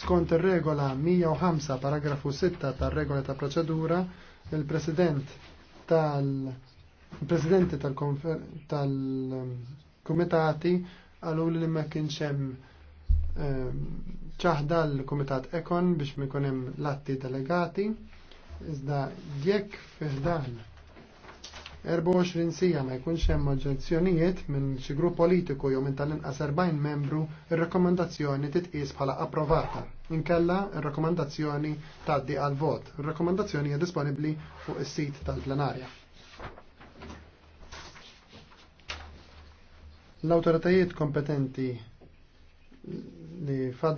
Skont ir-regola 105 paragrafu 6 tar-regola ta' proċedura, il-President tal- il-Presidenti tal-Kumitati għalu li ma kienx hemm eh, ċaħda l-Kumitat Ekon biex ma jkun hemm l-atti delegati. Iżda jekk fiħdan 24 sija ma jkunx hemm oġġezzjonijiet minn xi grupp politiku jew minn tal-inqas 40 membru ir-rakkomandazzjoni titqies bħala approvata. Inkella ir-rakkomandazzjoni tgħaddi għal vot. Ir-rakkomandazzjoni hija disponibbli fuq is-sit tal-plenarja. L-awtoritajiet kompetenti